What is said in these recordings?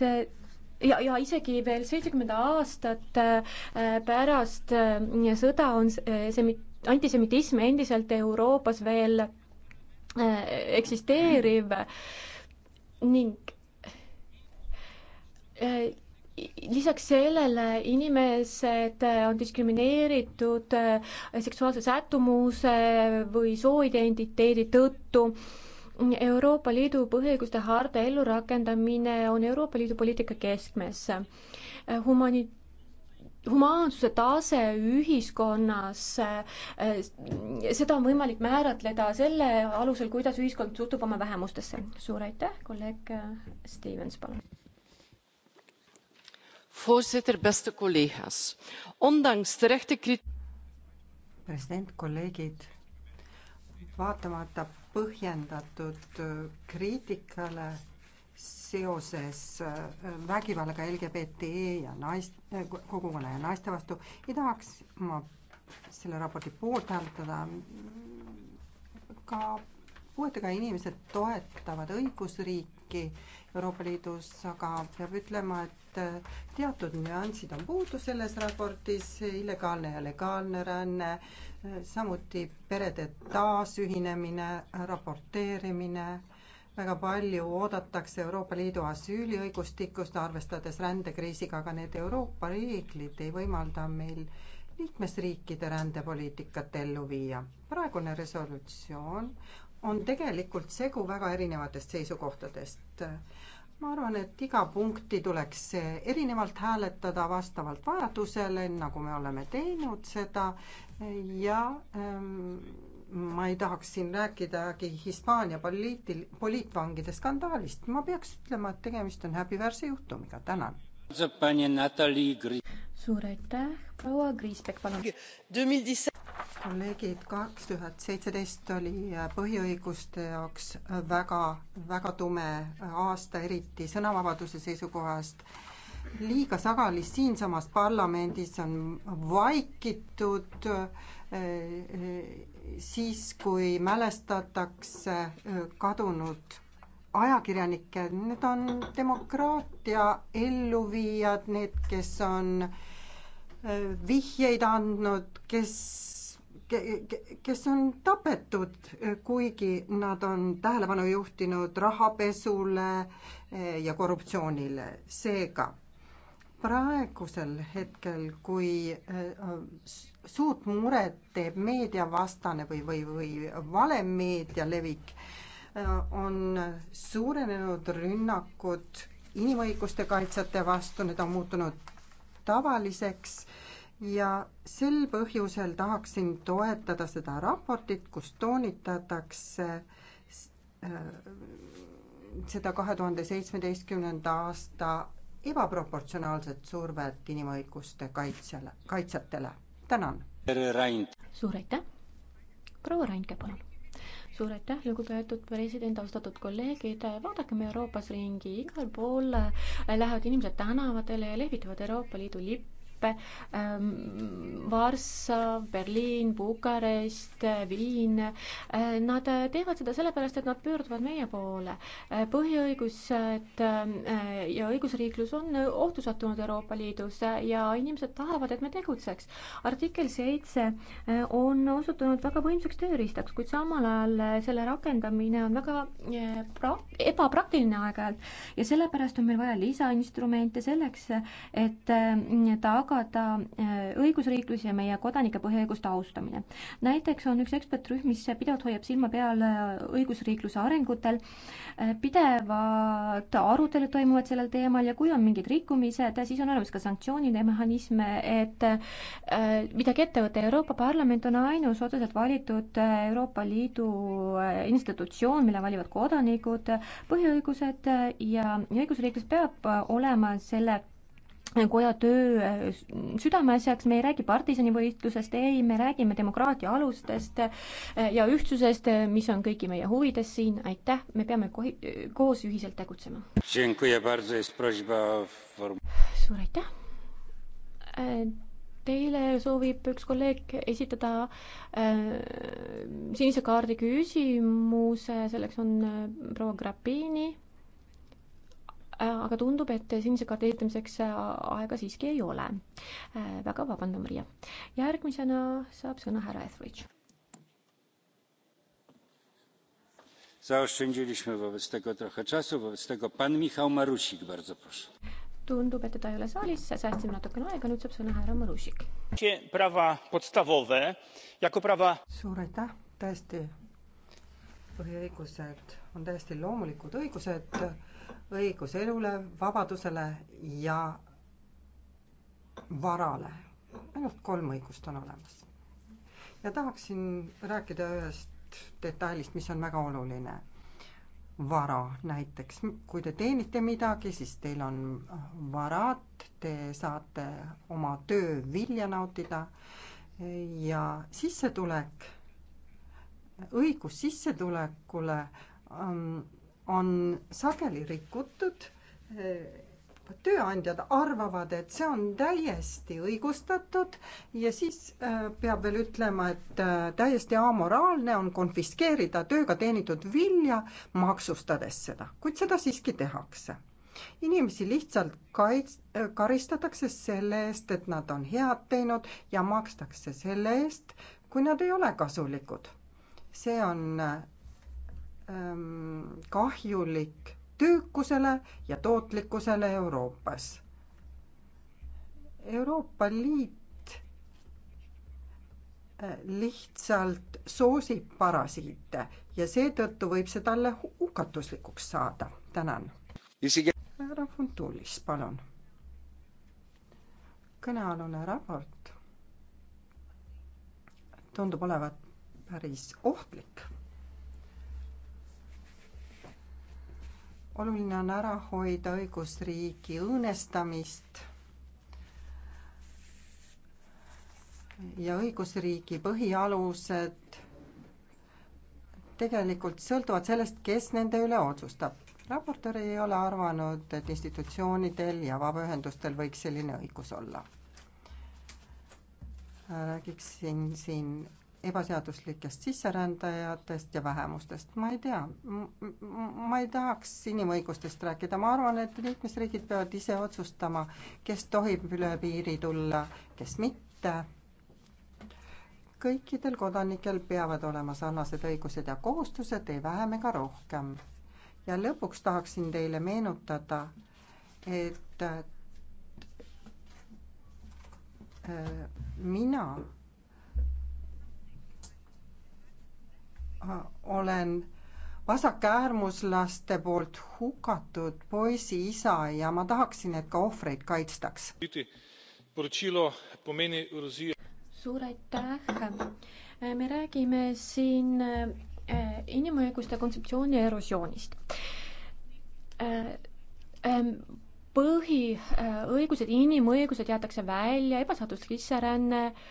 ja, ja isegi veel seitsekümmend aastat äh, pärast äh, sõda on äh, see antisemitism endiselt Euroopas veel eksisteeriv ning lisaks sellele inimesed on diskrimineeritud seksuaalse sättumuse või sooidentiteedi tõttu Euroopa Liidu põhiõiguste harta ellurakendamine on Euroopa Liidu poliitika keskmes. humani-, humaansuse tase ühiskonnas, seda on võimalik määratleda selle alusel, kuidas ühiskond suhtub oma vähemustesse. suur aitäh, kolleeg Stevens, palun. Voorzitter, beste collega's. Ondanks terechte kritiek. president, kolleegid. vaatamata põhjendatud äh, kriitikale seoses äh, vägivallaga LGBT ja naist, äh, kogukonna ja naiste vastu ja tahaks ma selle raporti poolt hääletada. ka puuetega inimesed toetavad õigusriiki Euroopa Liidus, aga peab ütlema, et teatud nüansid on puudu selles raportis, illegaalne ja legaalne ränne, samuti perede taasühinemine, raporteerimine, väga palju oodatakse Euroopa Liidu asüüliõigustikust, arvestades rändekriisiga, aga need Euroopa reeglid ei võimalda meil liikmesriikide rändepoliitikat ellu viia. praegune resolutsioon on tegelikult segu väga erinevatest seisukohtadest ma arvan, et iga punkti tuleks erinevalt hääletada vastavalt vajadusele, nagu me oleme teinud seda ja ähm, ma ei tahaks siin rääkidagi Hispaania poliitil-, poliitvangide skandaalist, ma peaks ütlema, et tegemist on häbiväärse juhtumiga, tänan. suur aitäh, proua Kriisbeck, palun kolleegid, kaks tuhat seitseteist oli äh, põhiõiguste jaoks äh, väga, väga tume äh, aasta, eriti sõnavabaduse seisukohast. liiga sageli siinsamas parlamendis on vaikitud siis, kui mälestatakse kadunud ajakirjanikke, need on demokraatia elluviijad, need, kes on vihjeid andnud, kes kes on tapetud, kuigi nad on tähelepanu juhtinud rahapesule eh, ja korruptsioonile. seega praegusel hetkel, kui eh, suurt muret teeb meediavastane või, või, või valemeedia levik, eh, on suurenenud rünnakud inimõiguste kaitsjate vastu, need on muutunud tavaliseks ja sel põhjusel tahaksin toetada seda raportit, kus toonitatakse äh, seda kahe tuhande seitsmeteistkümnenda aasta ebaproportsionaalset survet inimõiguste kaitsjale, kaitsjatele. tänan. suur aitäh. proua Rainke, palun. suur aitäh, lugupeetud president, austatud kolleegid, vaadakem Euroopas ringi, igal pool äh, lähevad inimesed tänavatele ja lehvitavad Euroopa Liidu lippu leppe ähm, Varssav, Berliin, Bukarest, Viin. Äh, nad äh, teevad seda sellepärast, et nad pöörduvad meie poole. Äh, põhiõigused ähm, ja õigusriiklus on ohtu sattunud Euroopa Liidus ja inimesed tahavad, et me tegutseks. artikkel seitse on osutunud väga võimsaks tööriistaks, kuid samal ajal selle rakendamine on väga pra-, ebapraktiline aeg-ajalt ja sellepärast on meil vaja lisainstrumente selleks, et tagada tagada äh, õigusriiklus ja meie kodanike põhiõiguste austamine. näiteks on üks ekspertrühm, mis pidevalt hoiab silma peal äh, õigusriikluse arengutel, äh, pidevad arutelud toimuvad sellel teemal ja kui on mingid rikkumised, siis on olemas ka sanktsioonide mehhanism, et midagi ette võtta. Euroopa Parlament on ainus otseselt valitud Euroopa Liidu institutsioon, mille valivad kodanikud, põhiõigused ja õigusriiklus peab olema selle koja töö äh, südameasjaks, me ei räägi partisanivõitlusest, ei, me räägime demokraatia alustest äh, ja ühtsusest, äh, mis on kõigi meie huvides siin, aitäh, me peame kohi-, koos ühiselt tegutsema. suur aitäh! Teile soovib üks kolleeg esitada äh, sinise kaardi küsimuse, selleks on äh, proua Grappini Äh, aga tundub, et sinise kaardi esitamiseks äh, aega siiski ei ole. Äh, väga vabandan, Maria. järgmisena saab sõna härra Etheridge. zaoszczędziliśmy wobec tego trochę czasu, wobec tego pan Michał Marusik, bardzo proszę. Tundub, et teda ei ole saalis, säästsime natukene aega, nüüd saab sõna härra Marusik. Prawa podstawowe jako prawa... Suur aitäh, tõesti. Põhiõigused on täiesti loomulikud õigused õigus elule, vabadusele ja varale. ainult kolm õigust on olemas. ja tahaksin rääkida ühest detailist, mis on väga oluline. vara näiteks, kui te teenite midagi, siis teil on varad, te saate oma töö vilja nautida ja sissetulek, õigus sissetulekule um, on sageli rikutud. tööandjad arvavad, et see on täiesti õigustatud ja siis äh, peab veel ütlema, et äh, täiesti amoraalne on konfiskeerida tööga teenitud vilja, maksustades seda, kuid seda siiski tehakse inimesi lihtsalt kaits-, äh, karistatakse selle eest, et nad on head teinud ja makstakse selle eest, kui nad ei ole kasulikud. see on Ähm, kahjulik töökusele ja tootlikkusele Euroopas. Euroopa Liit äh, lihtsalt soosib parasiite ja seetõttu võib see talle hukatuslikuks saada. tänan. härra Funtulis, palun. kõnealune raport tundub olevat päris ohtlik oluline on ära hoida õigusriigi õõnestamist ja õigusriigi põhialused tegelikult sõltuvad sellest, kes nende üle otsustab. raportöör ei ole arvanud, et institutsioonidel ja vabaühendustel võiks selline õigus olla. räägiksin siin ebaseaduslikest sisserändajatest ja vähemustest. ma ei tea, ma ei tahaks inimõigustest rääkida, ma arvan, et liikmesriigid peavad ise otsustama, kes tohib üle piiri tulla, kes mitte. kõikidel kodanikel peavad olema sarnased õigused ja kohustused, ei vähem ega rohkem. ja lõpuks tahaksin teile meenutada, et äh, mina olen vasakäärmuslaste poolt hukatud poisi isa ja ma tahaksin, et ka ohvreid kaitstaks. suur aitäh. me räägime siin eh, inimõiguste kontseptsiooni erosioonist eh, põhiõigused, eh, inimõigused jäetakse välja, ebaseaduslik sisseränne äh,,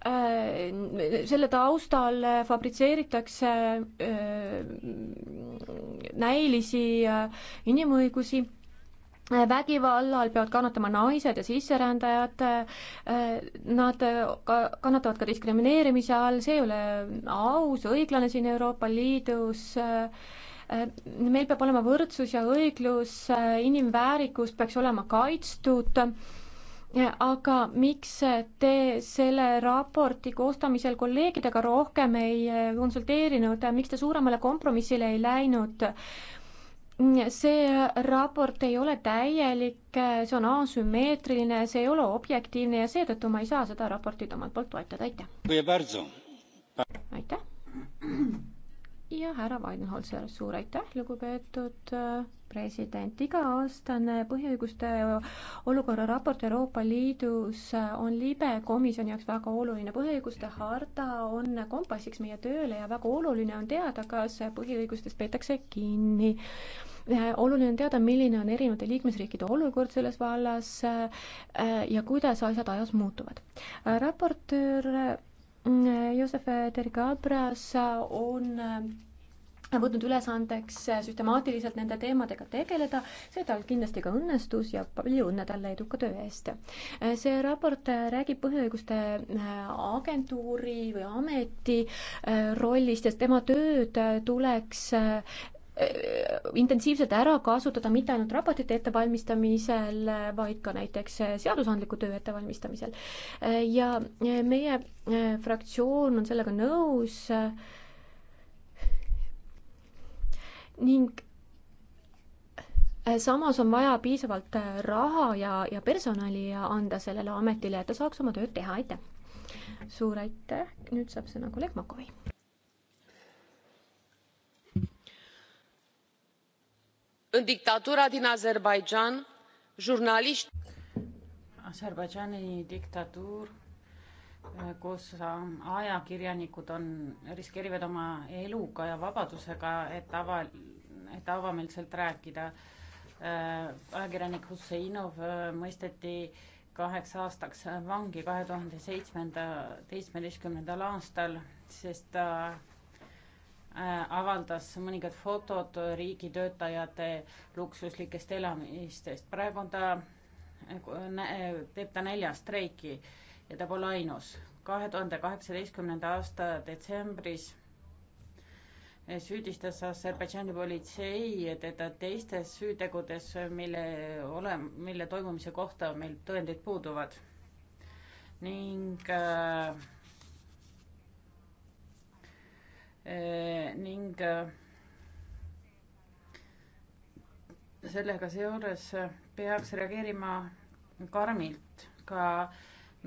Äh, selle taustal fabritseeritakse äh, näilisi äh, inimõigusi, vägivalla all peavad kannatama naised ja sisserändajad, nad ka kannatavad ka diskrimineerimise all, see ei ole aus, õiglane siin Euroopa Liidus meil peab olema võrdsus ja õiglus, inimväärikus peaks olema kaitstud aga miks te selle raporti koostamisel kolleegidega rohkem ei eh, konsulteerinud, miks te suuremale kompromissile ei läinud? see raport ei ole täielik, see on asümmeetriline, see ei ole objektiivne ja seetõttu ma ei saa seda raportit omalt poolt toetada, aitäh. aitäh. ja härra Weidenholzer, suur aitäh, lugupeetud äh, president. iga-aastane põhiõiguste olukorra raport Euroopa Liidus on libe komisjoni jaoks väga oluline. põhiõiguste harta on kompassiks meie tööle ja väga oluline on teada, kas põhiõigustest peetakse kinni oluline on teada, milline on erinevate liikmesriikide olukord selles vallas äh, ja kuidas asjad ajas muutuvad. raportöör äh, Josef Tergabras on äh, võtnud ülesandeks äh, süstemaatiliselt nende teemadega tegeleda, see tal kindlasti ka õnnestus ja palju õnne talle eduka töö eest. Äh, see raport äh, räägib põhiõiguste agentuuri või ameti rollist ja tema tööd tuleks intensiivselt ära kasutada mitte ainult raportite ettevalmistamisel, vaid ka näiteks seadusandliku töö ettevalmistamisel. ja meie fraktsioon on sellega nõus äh, ning äh, samas on vaja piisavalt äh, raha ja, ja personali anda sellele ametile, et ta saaks oma tööd teha, aitäh. suur aitäh, nüüd saab sõna kolleeg Makovi. în dictatura din Azerbaidjan, jurnaliști. Azerbaidjani diktatuur kus ajakirjanikud on, riskeerivad oma eluga ja vabadusega, et ava, et avameelselt rääkida. Äh, ajakirjanik Husseinov äh, mõisteti kaheks aastaks vangi kahe tuhande seitsmenda, seitsmeteistkümnendal aastal, sest ta äh, avaldas mõningad fotod riigitöötajate luksuslikest elamistest. praegu on ta, teeb ta näljastreiki ja ta pole ainus. kahe tuhande kaheksateistkümnenda aasta detsembris süüdistas Aserbaidžaani politsei teda teistes süütegudes, mille ole, mille toimumise kohta meil tõendid puuduvad. ning äh, ning äh, sellega seoses peaks reageerima karmilt ka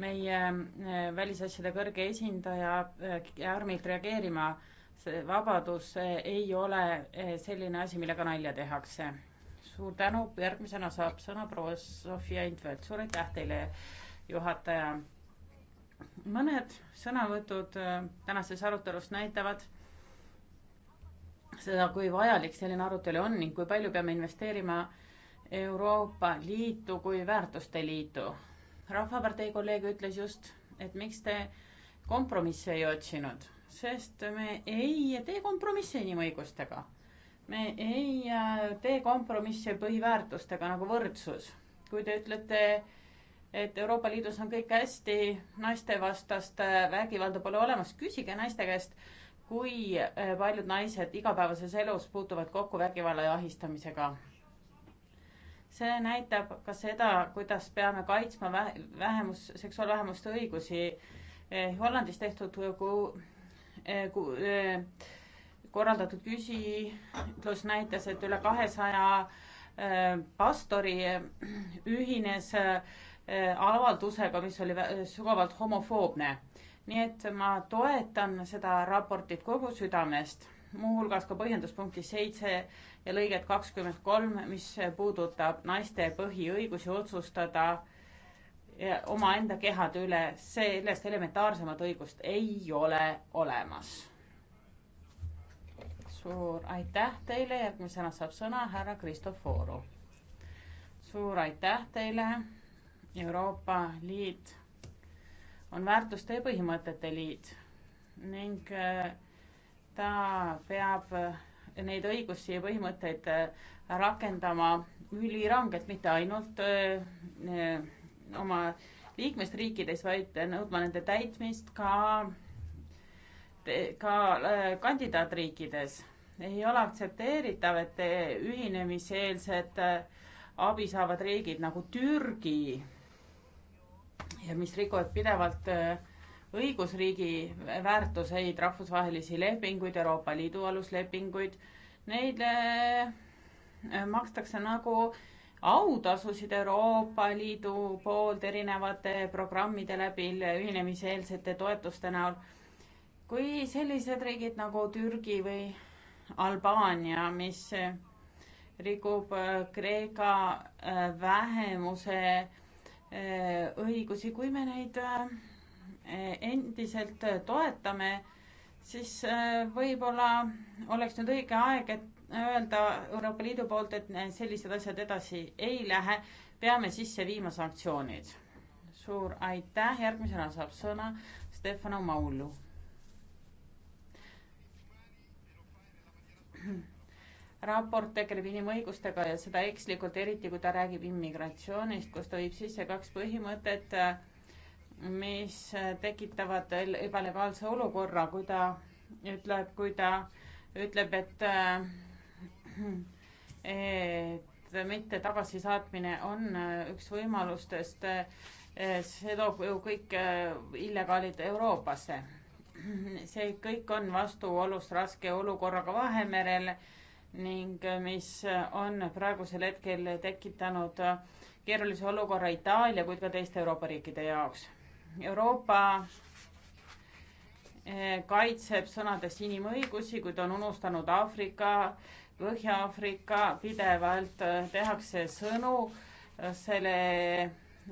meie eh, välisasjade kõrge esindaja eh, armilt reageerima. see vabadus eh, ei ole selline asi, millega nalja tehakse. suur tänu, järgmisena saab sõna proua Sofia Intvelt, suur aitäh teile, juhataja. mõned sõnavõtud tänases arutelus näitavad seda, kui vajalik selline arutelu on ning kui palju peame investeerima Euroopa Liitu kui väärtuste liitu rahvapartei kolleeg ütles just, et miks te kompromisse ei otsinud, sest me ei tee kompromisse inimõigustega. me ei äh, tee kompromisse põhiväärtustega nagu võrdsus. kui te ütlete, et Euroopa Liidus on kõik hästi, naistevastast äh, vägivalda pole olemas, küsige naiste käest, kui äh, paljud naised igapäevases elus puutuvad kokku vägivalla ja ahistamisega see näitab ka seda, kuidas peame kaitsma vähemus, seksuaalvähemuste õigusi. Eh, Hollandis tehtud eh, ku-, ku-, eh, korraldatud küsitlus näitas, et üle kahesaja pastori ühines avaldusega, mis oli sügavalt homofoobne. nii et ma toetan seda raportit kogu südamest muuhulgas ka põhjenduspunkti seitse ja lõiget kakskümmend kolm, mis puudutab naiste põhiõigusi otsustada omaenda kehade üle, sellest elementaarsemat õigust ei ole olemas. suur aitäh teile, järgmisena saab sõna härra Kristoforu. suur aitäh teile, Euroopa Liit on väärtuste ja põhimõtete liit ning äh, ta peab neid õigusi ja põhimõtteid äh, rakendama ülirangelt, mitte ainult öö, äh, oma liikmesriikides, vaid nõudma nende täitmist ka, ka äh, kandidaatriikides. ei ole aktsepteeritav, et ühinemiseelsed abi saavad riigid nagu Türgi ja mis rikuvad pidevalt öö, õigusriigi väärtuseid, rahvusvahelisi lepinguid, Euroopa Liidu aluslepinguid. Neile eh, makstakse nagu autasusid Euroopa Liidu poolt erinevate programmide läbi ühinemiseelsete toetuste näol. kui sellised riigid nagu Türgi või Albaania, mis rikub eh, Kreeka eh, vähemuse õigusi, kui me neid endiselt äh, toetame, siis äh, võib-olla oleks nüüd õige aeg, et öelda Euroopa Liidu poolt, et äh, sellised asjad edasi ei lähe, peame sisse viima sanktsioonid. suur aitäh, järgmisena saab sõna Stefano Maulu. raport tegeleb inimõigustega ja seda ekslikult, eriti kui ta räägib immigratsioonist, kus ta viib sisse kaks põhimõtet äh, mis tekitavad ebalegaalse olukorra, kui ta ütleb, kui ta ütleb, et et mitte tagasisaatmine on üks võimalustest, see toob ju kõik illegaalid Euroopasse. see kõik on vastuolus raske olukorraga Vahemerel ning mis on praegusel hetkel tekitanud keerulise olukorra Itaalia, kuid ka teiste Euroopa riikide jaoks Euroopa eh, kaitseb sõnades inimõigusi, kuid on unustanud Aafrika, Põhja-Aafrika, pidevalt eh, tehakse sõnu eh, selle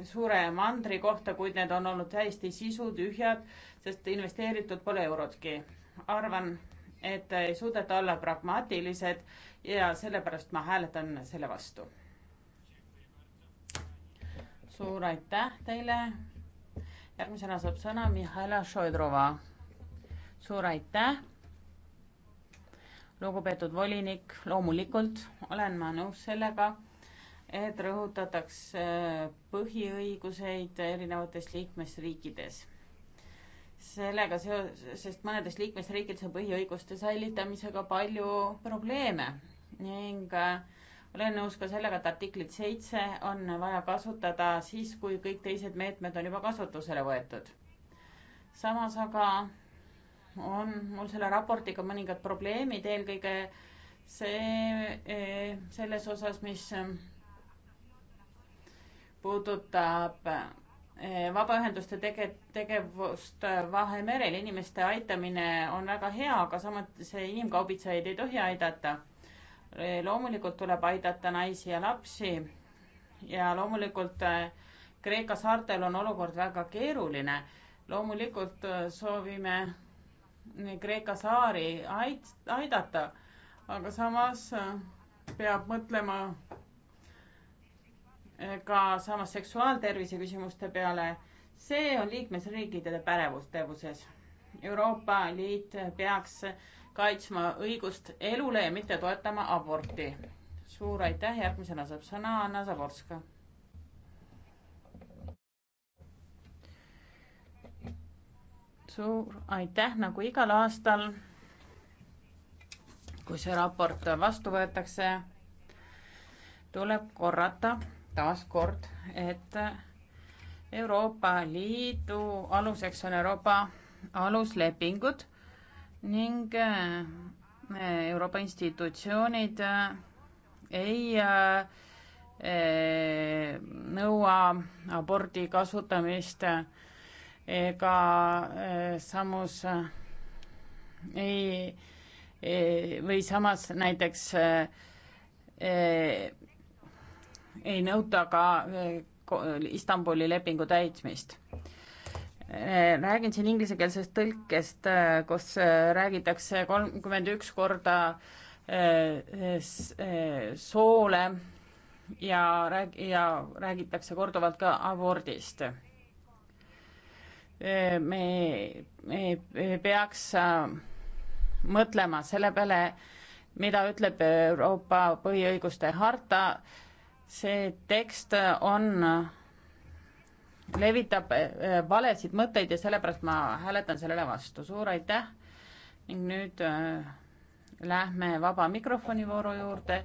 suure mandri kohta, kuid need on olnud täiesti sisutühjad, sest investeeritud pole eurotki. arvan, et ei suudeta olla pragmaatilised ja sellepärast ma hääletan selle vastu. suur aitäh teile järgmisena saab sõna Mihhaila Šoidrova. suur aitäh. lugupeetud volinik, loomulikult olen ma nõus sellega, et rõhutatakse põhiõiguseid erinevates liikmesriikides. sellega seoses, sest mõnedes liikmesriikides on põhiõiguste säilitamisega palju probleeme ning äh, olen nõus ka sellega, et artiklit seitse on vaja kasutada siis, kui kõik teised meetmed on juba kasutusele võetud. samas aga on mul selle raportiga mõningad probleemid, eelkõige see, e, selles osas, mis puudutab e, vabaühenduste tege-, tegevust Vahemerel, inimeste aitamine on väga hea, aga samuti see inimkaubitsejaid ei tohi aidata loomulikult tuleb aidata naisi ja lapsi ja loomulikult äh, Kreeka saartel on olukord väga keeruline. loomulikult äh, soovime Kreeka saari ait-, aidata, aga samas äh, peab mõtlema ka samas seksuaaltervise küsimuste peale. see on liikmesriikide pärevustegevuses. Euroopa Liit peaks kaitsma õigust elule ja mitte toetama aborti. suur aitäh, järgmisena saab sõna Anna Zaborska. suur aitäh, nagu igal aastal, kui see raport vastu võetakse, tuleb korrata taaskord, et Euroopa Liidu aluseks on Euroopa aluslepingud ning äh, Euroopa institutsioonid äh, ei äh, nõua abordi kasutamist ega samus ei, ei või samas näiteks ei, ei nõuta ka Istanbuli lepingu täitmist räägin siin inglisekeelsest tõlkest, kus äh, räägitakse kolmkümmend üks korda äh, äh, soole ja rääg-, ja räägitakse korduvalt ka abordist. me, me peaks mõtlema selle peale, mida ütleb Euroopa põhiõiguste harta, see tekst on levitab äh, valesid mõtteid ja sellepärast ma hääletan sellele vastu. suur aitäh ning nüüd äh, lähme vaba mikrofoni vooru juurde.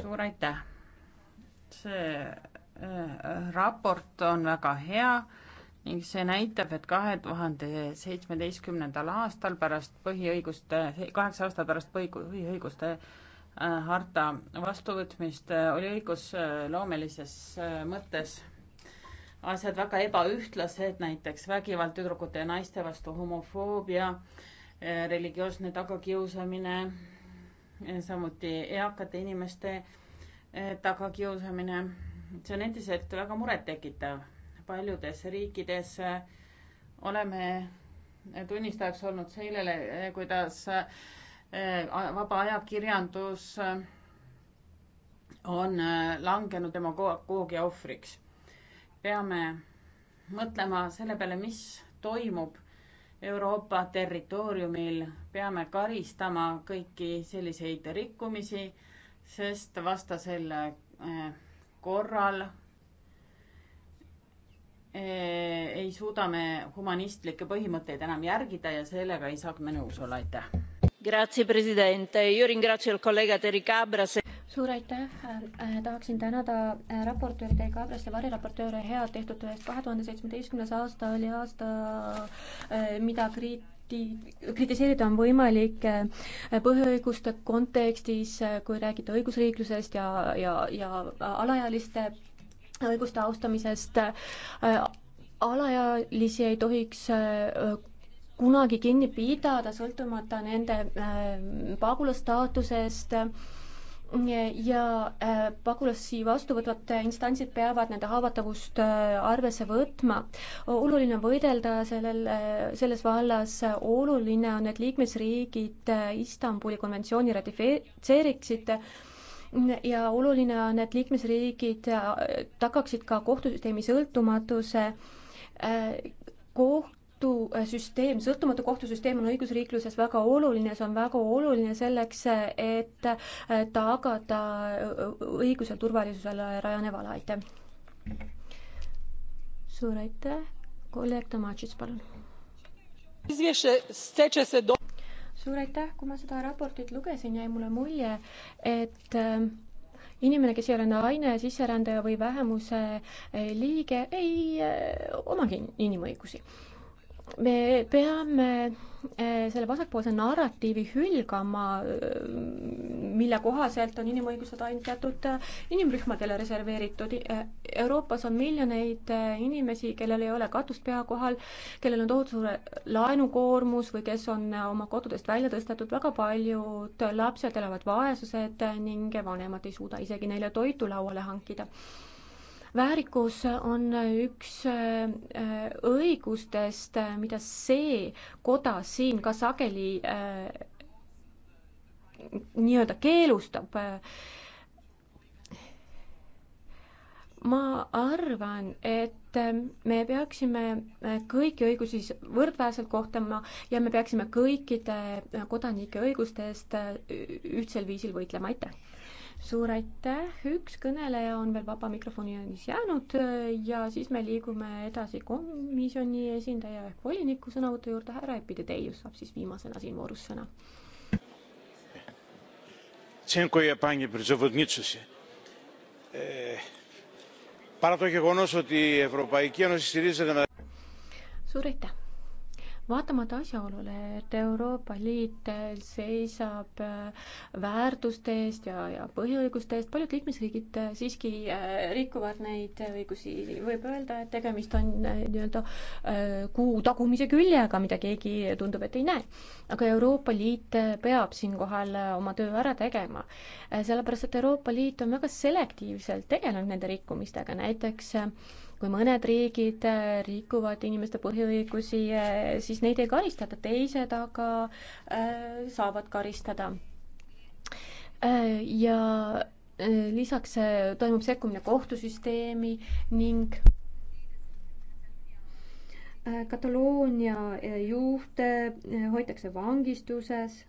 suur aitäh. see äh, raport on väga hea ning see näitab, et kahe tuhande seitsmeteistkümnendal aastal pärast põhiõiguste, kaheksa aasta pärast põhi, põhiõiguste Äh, harta vastuvõtmist äh, oli õigusloomelises äh, mõttes asjad väga ebaühtlased, näiteks vägivald tüdrukute ja naiste vastu, homofoobia, religioosne tagakiusamine, samuti eakate inimeste tagakiusamine. see on endiselt väga murettekitav. paljudes riikides oleme tunnistajaks olnud sellele, kuidas Äh, vaba ajakirjandus äh, on äh, langenud demagoogia ohvriks. peame mõtlema selle peale, mis toimub Euroopa territooriumil, peame karistama kõiki selliseid rikkumisi, sest vastasel korral ei suuda me humanistlikke põhimõtteid enam järgida ja sellega ei saa me nõus olla, aitäh suur aitäh äh, äh, tahaksin tänada äh, raportööri terry cabrast ja variraportööre hea tehtud töö eest kahe tuhande seitsmeteistkümnes aasta oli aasta mida kriti- kritiseerida on võimalik põhiõiguste kontekstis kui räägida õigusriiklusest ja ja ja alaealiste õiguste austamisest alaealisi ei tohiks kunagi kinni pidada, sõltumata nende äh, pagulasstaatusest ja äh, pagulasi vastuvõtvad instantsid peavad nende haavatavust äh, arvesse võtma. oluline on võidelda sellel, selles vallas, oluline on, et liikmesriigid Istanbuli konventsiooni ratifitseeriksid ja oluline on, et liikmesriigid tagaksid ka kohtusüsteemi sõltumatuse koht kohtusüsteem, äh, sõltumatu kohtusüsteem on õigusriikluses väga oluline, see on väga oluline selleks, et äh, tagada äh, õiguse turvalisusele rajanevale, aitäh. suur aitäh, kolleeg Tomatšis, palun. suur aitäh, kui ma seda raportit lugesin, jäi mulle mulje, et inimene, kes ei ole naine, sisserändaja või vähemuse liige, ei omagi inimõigusi me peame eh, selle vasakpoolse narratiivi hülgama, eh, mille kohaselt on inimõigused ainult teatud eh, inimrühmadele reserveeritud. Euroopas on miljoneid inimesi, kellel ei ole katust pea kohal, kellel on tohutu suur laenukoormus või kes on oma kodudest välja tõstetud, väga paljud lapsed elavad vaesuses ning vanemad ei suuda isegi neile toitu lauale hankida väärikus on üks äh, õigustest, mida see koda siin ka sageli äh, nii-öelda keelustab. ma arvan, et me peaksime kõiki õigusi võrdväärselt kohtlema ja me peaksime kõikide kodanike õiguste eest ühtsel viisil võitlema, aitäh! suur aitäh, üks kõneleja on veel vaba mikrofoni jäänud äh, ja siis me liigume edasi komisjoni esindaja ehk voliniku sõnavõtu juurde, härra Epideteius saab siis viimasena siin voorus sõna. E, suur aitäh vaatamata asjaolule, et Euroopa Liit seisab äh, väärtuste eest ja, ja põhiõiguste eest, paljud liikmesriigid äh, siiski äh, rikuvad neid õigusi, võib öelda, et tegemist on nii-öelda kuu tagumise küljega, mida keegi tundub, et ei näe. aga Euroopa Liit peab siinkohal oma töö ära tegema, sellepärast et Euroopa Liit on väga selektiivselt tegelenud nende rikkumistega, näiteks kui mõned riigid äh, rikuvad inimeste põhiõigusi, äh, siis neid ei karistata, teised aga äh, saavad karistada. ja lisaks toimub sekkumine kohtusüsteemi ning Kataloonia juhte hoitakse vangistuses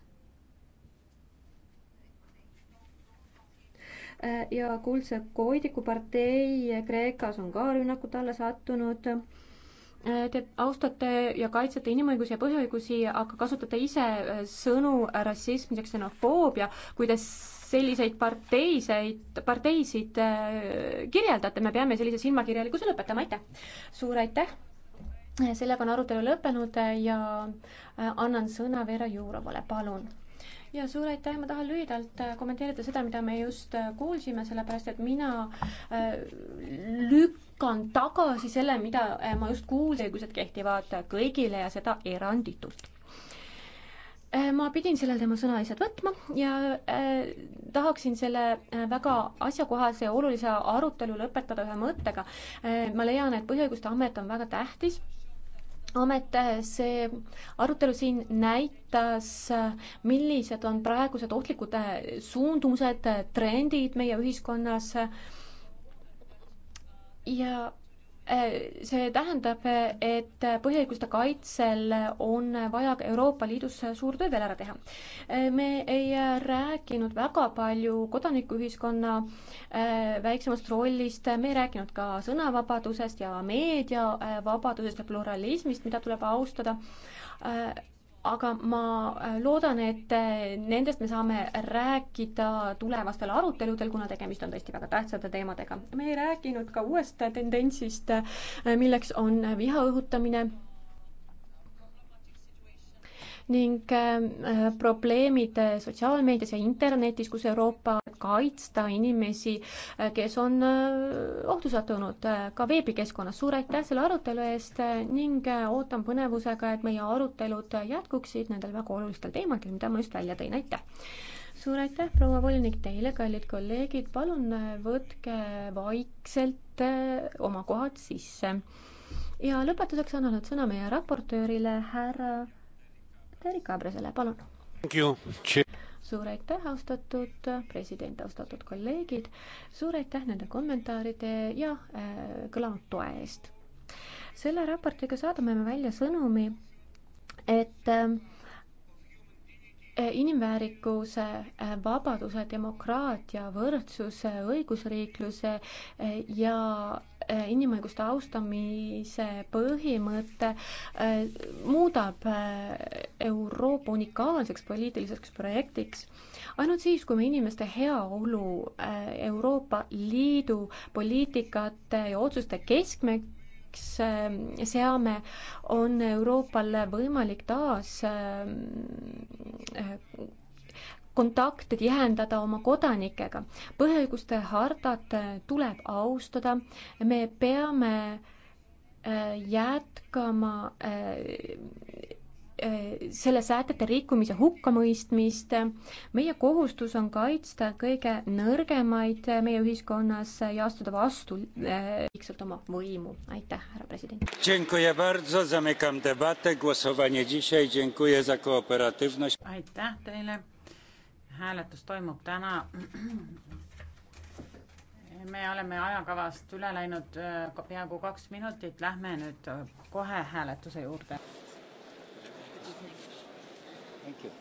Äh, ja kuulsa Koidiku partei Kreekas on ka rünnakute alla sattunud. Äh, te austate ja kaitsete inimõigusi ja põhiõigusi, aga kasutate ise äh, sõnu rassism ja ksenofoobia, kui te selliseid parteiseid, parteisid kirjeldate, me peame sellise silmakirjalikkuse lõpetama, aitäh! suur aitäh! sellega on arutelu lõppenud ja annan sõna Vera Juurovale, palun ja suur aitäh, ma tahan lühidalt äh, kommenteerida seda, mida me just äh, kuulsime, sellepärast et mina äh, lükkan tagasi selle, mida ma just kuulsin, kui need kehtivad kõigile ja seda eranditult ma pidin sellel teemal sõna lihtsalt võtma ja äh, tahaksin selle väga asjakohase ja olulise arutelu lõpetada ühe mõttega äh,. ma leian, et Põhiõiguste Amet on väga tähtis amet, see arutelu siin näitas, millised on praegused ohtlikud äh, suundumused, äh, trendid meie ühiskonnas ja see tähendab, et põhiõiguste kaitsel on vaja ka Euroopa Liidus suur töö veel ära teha. me ei rääkinud väga palju kodanikuühiskonna äh, väiksemast rollist, me ei rääkinud ka sõnavabadusest ja meediavabadusest äh, ja pluralismist, mida tuleb austada äh, aga ma äh, loodan, et äh, nendest me saame rääkida tulevastel aruteludel, kuna tegemist on tõesti väga tähtsate teemadega. me ei rääkinud ka uuest tendentsist, äh, milleks on viha õhutamine ning äh, probleemid äh, sotsiaalmeedias ja internetis, kus Euroopa kaitsta inimesi, äh, kes on ohtu sattunud ka veebikeskkonnas. suur aitäh selle arutelu eest ning ootan põnevusega, et meie arutelud jätkuksid nendel väga olulistel teemadel, mida ma just välja tõin, aitäh! suur aitäh, proua volinik, teile, kallid kolleegid, palun võtke vaikselt oma kohad sisse. ja lõpetuseks annan nüüd sõna meie raportöörile, härra Erik Abrasele, palun. suur aitäh, austatud president, austatud kolleegid, suur aitäh nende kommentaaride ja äh, kõlanud toe eest. selle raportiga saadame me välja sõnumi, et äh, inimväärikuse, äh, vabaduse, demokraatia, võrdsuse, õigusriikluse äh, ja äh, inimõiguste austamise põhimõte muudab Euroopa unikaalseks poliitiliseks projektiks. ainult siis, kui me inimeste heaolu Euroopa Liidu poliitikate ja otsuste keskme sihiks ähm, seame, on Euroopal võimalik taas ähm, äh, kontakte tihendada oma kodanikega. põhiõiguste hartat äh, tuleb austada, me peame äh, jätkama Äh, selle sätete rikkumise hukkamõistmist. meie kohustus on kaitsta kõige nõrgemaid meie ühiskonnas ja astuda vastu äh, liigselt oma võimu. aitäh, härra president. aitäh teile. hääletus toimub täna. me oleme ajakavast üle läinud äh, peaaegu kaks minutit, lähme nüüd kohe hääletuse juurde. Thank you.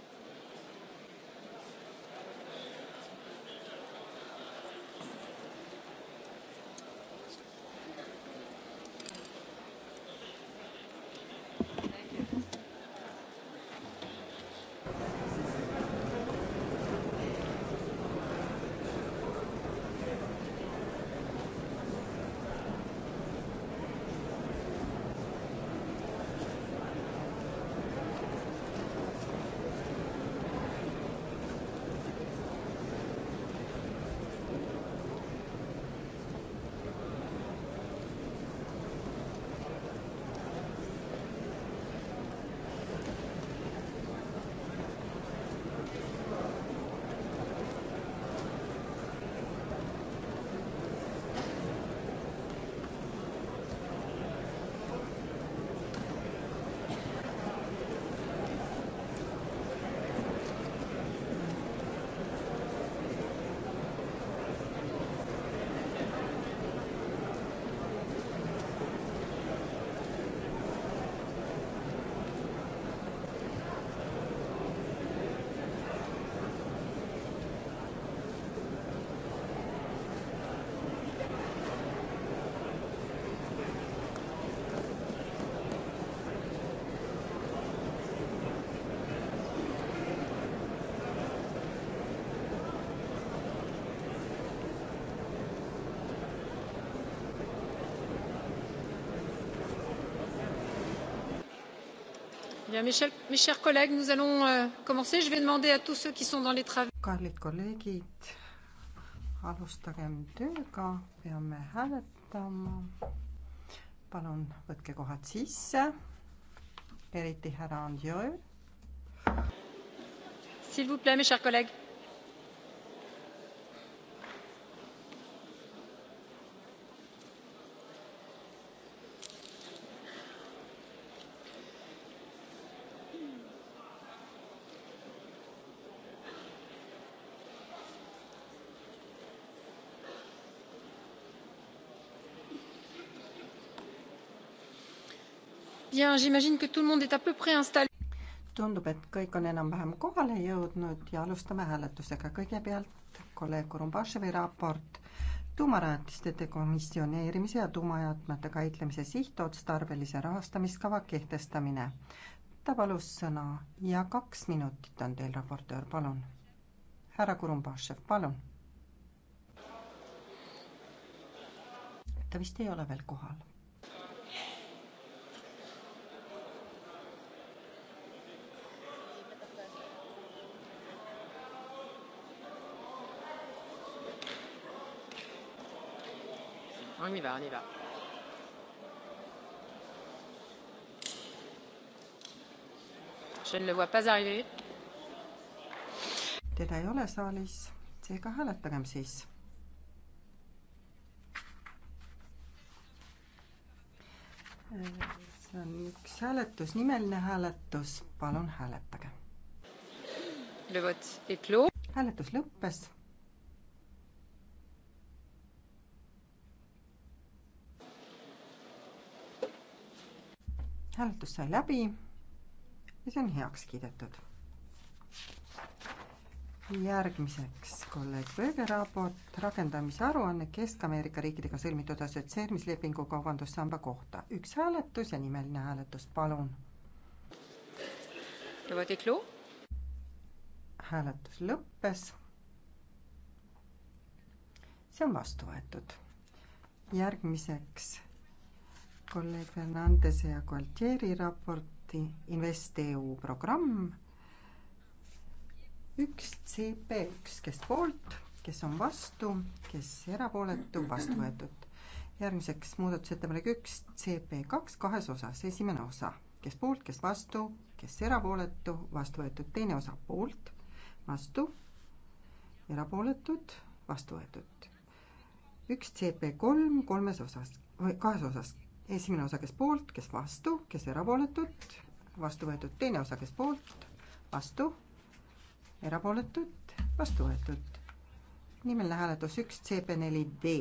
mes chers collègues, nous allons euh, commencer. Je vais demander à tous ceux qui sont dans les travaux. kallid kolleegid, alustagem tööga, peame hääletama. palun võtke kohad sisse, eriti härra Andjõe. S'il vous plaît, mes chers collègues tundub, et kõik on enam-vähem kohale jõudnud ja alustame hääletusega. kõigepealt kolleeg Korumbaševi raport tuumarajatiste dekomisjoneerimise ja tuumajäätmete käitlemise sihtotstarbelise rahastamiskava kehtestamine. ta palus sõna ja kaks minutit on teil, raportöör, palun. härra Kurumbašev, palun. ta vist ei ole veel kohal on y va, on y va. Je ne le vois pas arriver. teda ei ole saalis, seega hääletagem siis. see on üks hääletus, nimeline hääletus, palun hääletage. hääletus lõppes hääletus sai läbi ja see on heaks kiidetud. järgmiseks kolleeg Böge raport rakendamise aruanne Kesk-Ameerika riikidega sõlmitud assotsieerimislepingu kaubandussamba kohta. üks hääletus ja nimeline hääletus, palun. hääletus lõppes. see on vastu võetud. järgmiseks kolleeg Fernandese ja Gualtieri raporti InvestEU programm. üks CP, üks, kes poolt, kes on vastu, kes erapooletu, vastu võetud. järgmiseks muudatusettepanek üks CP kaks kahes osas, esimene osa, kes poolt, kes vastu, kes erapooletu, vastu võetud, teine osa poolt, vastu, erapooletud, vastu võetud üks CP kolm kolmes osas või kahes osas, esimene osa, kes poolt, kes vastu, kes erapooletud, vastu võetud, teine osa, kes poolt, vastu, erapooletud, vastu võetud. nimeline hääletus üks CP4D.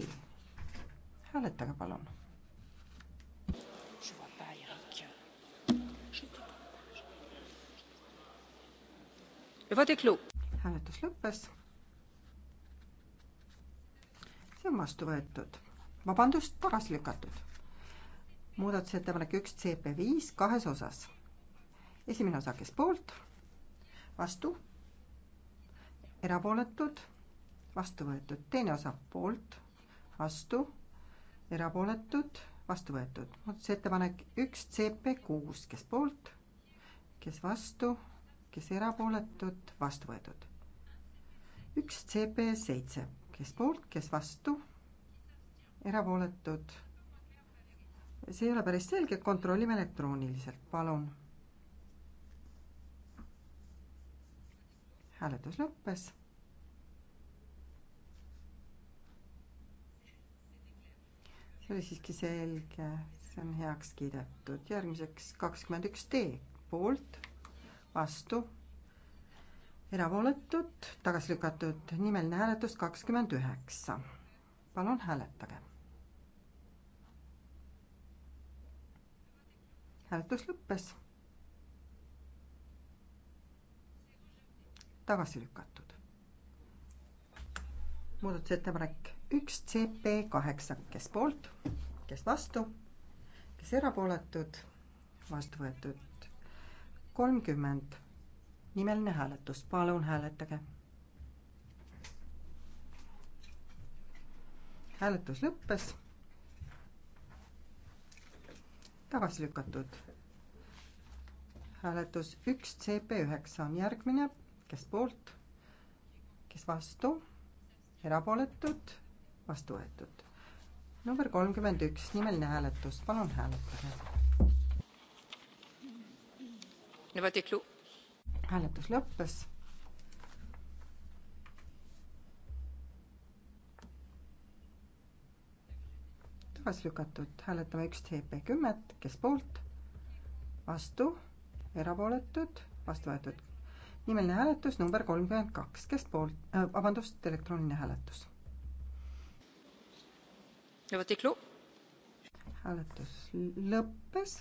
hääletage palun. hääletus lõppes. see on vastu võetud, vabandust, tagasi lükatud muudatusettepanek üks CP5 kahes osas. esimene osa, kes poolt, vastu, erapooletud, vastu võetud, teine osa poolt, vastu, erapooletud, vastu võetud. muudatusettepanek üks CP6, kes poolt, kes vastu, kes erapooletud, vastu võetud. üks CP7, kes poolt, kes vastu, erapooletud see ei ole päris selge, kontrollime elektrooniliselt, palun. hääletus lõppes. see oli siiski selge, see on heaks kiidetud. järgmiseks kakskümmend üks D poolt, vastu, erapooletud, tagasi lükatud, nimeline hääletus kakskümmend üheksa. palun hääletage hääletus lõppes. tagasi lükatud. muudatusettepanek üks CP kaheksa, kes poolt, kes vastu, kes erapooletud, vastu võetud kolmkümmend. nimeline hääletus, palun hääletage hääletus lõppes tagasi lükatud. hääletus üks CP üheksa on järgmine, kes poolt, kes vastu, erapooletud, vastu võetud. number kolmkümmend üks, nimeline hääletus, palun hääletage. hääletus lõppes tagasi lükatud, hääletame üks CP kümmet, kes poolt, vastu, erapooletud, vastu võetud. nimeline hääletus number kolmkümmend kaks, kes poolt äh,, vabandust, elektrooniline hääletus. hääletus lõppes.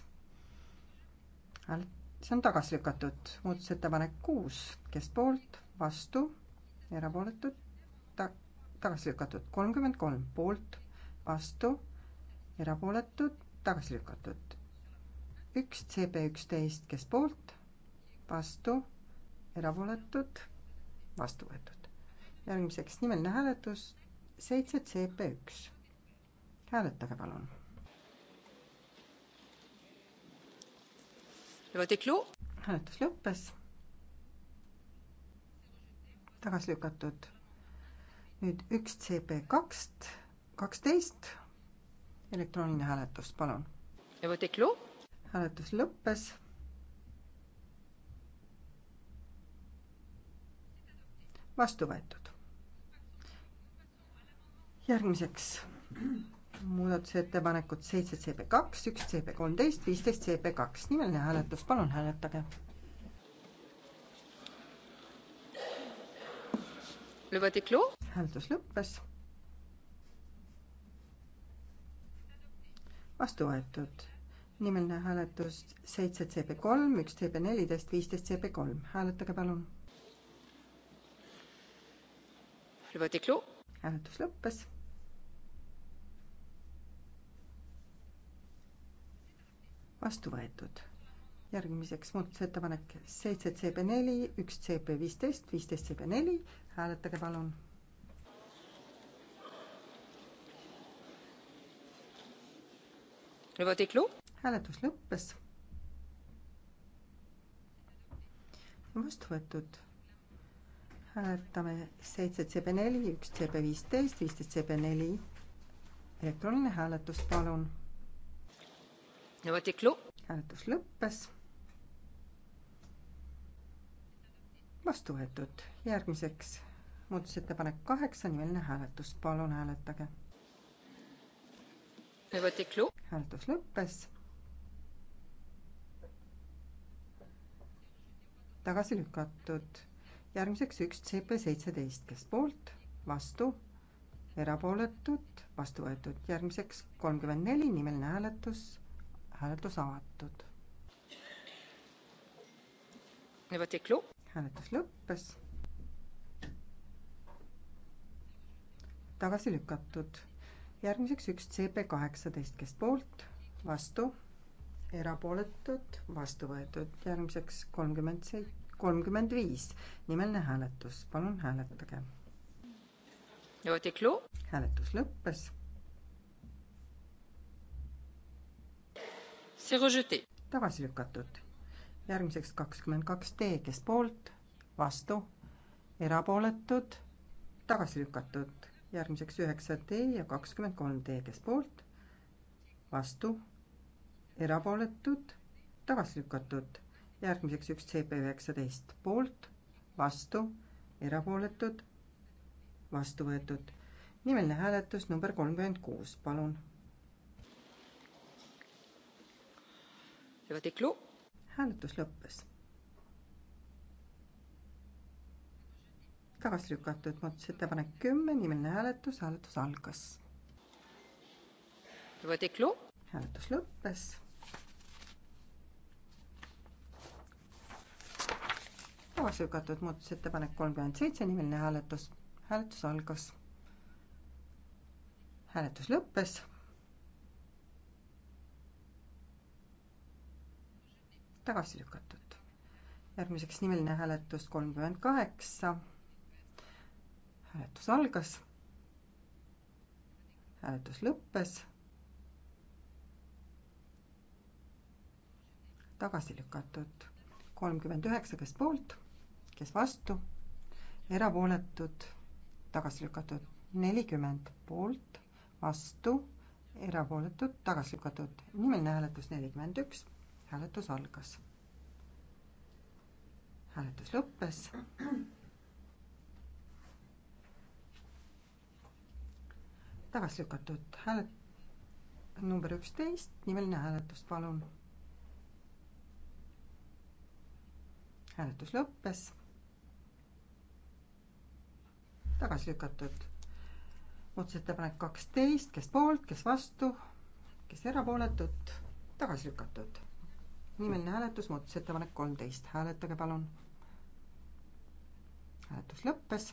hääletus see on tagasi lükatud. muudatusettepanek kuus, kes poolt, vastu, erapooletud, ta-, tagasi lükatud. kolmkümmend kolm poolt, vastu, erapooletud, tagasi lükatud. üks CB üksteist, kes poolt, vastu, erapooletud, vastu võetud. järgmiseks nimeline hääletus seitse CB üks. hääletage palun. hääletus lõppes. tagasi lükatud. nüüd üks CB kaks, kaksteist elektrooniline hääletus, palun. hääletus lõppes. vastu võetud. järgmiseks muudatusettepanekud seitse CB kaks, üks CB kolmteist, viisteist CB kaks, nimeline hääletus, palun hääletage. hääletus lõppes vastu võetud. nimeline hääletus seitse CB kolm, üks CB neliteist, viisteist CB kolm, hääletage palun. hääletus lõppes. vastu võetud. järgmiseks muudatusettepanek seitse CB neli, üks CB viisteist, viisteist CB neli, hääletage palun hääletus lõppes. vastu võetud. hääletame seitse CB4, üks CB15, viisteist CB4. elektrooniline hääletus, palun. hääletus lõppes. vastu võetud. järgmiseks muudatusettepanek kaheksa, nimeline hääletus, palun hääletage hääletus lõppes. tagasi lükatud. järgmiseks üks CP seitseteist, kes poolt, vastu, erapooletud, vastu võetud. järgmiseks kolmkümmend neli, nimeline hääletus, hääletus avatud. hääletus lõppes. tagasi lükatud järgmiseks üks CP kaheksateist, kes poolt, vastu, erapooletud, vastu võetud, järgmiseks kolmkümmend seit-, kolmkümmend viis, nimeline hääletus, palun hääletage. hääletus lõppes. tagasi lükatud. järgmiseks kakskümmend kaks D, kes poolt, vastu, erapooletud, tagasi lükatud järgmiseks üheksa D ja kakskümmend kolm D, kes poolt, vastu, erapooletud, tagasi lükatud. järgmiseks üks CP üheksateist poolt, vastu, erapooletud, vastu võetud. nimeline hääletus number kolmkümmend kuus, palun. hääletus lõppes tagasi lükatud, muudatusettepanek kümme, nimeline hääletus, hääletus algas. hääletus lõppes tagasi lükatud muudatusettepanek kolmkümmend seitse, nimeline hääletus. hääletus algas. hääletus lõppes. tagasi lükatud. järgmiseks nimeline hääletus kolmkümmend kaheksa hääletus algas. hääletus lõppes. tagasi lükatud kolmkümmend üheksa, kes poolt, kes vastu, erapooletud, tagasi lükatud nelikümmend poolt, vastu, erapooletud, tagasi lükatud. nimeline hääletus nelikümmend üks, hääletus algas. hääletus lõppes tagasi lükatud. hääled number üksteist, nimeline hääletus, palun. hääletus lõppes. tagasi lükatud. muudatusettepanek kaksteist, kes poolt, kes vastu, kes erapooletud, tagasi lükatud. nimeline hääletus, muudatusettepanek kolmteist, hääletage palun. hääletus lõppes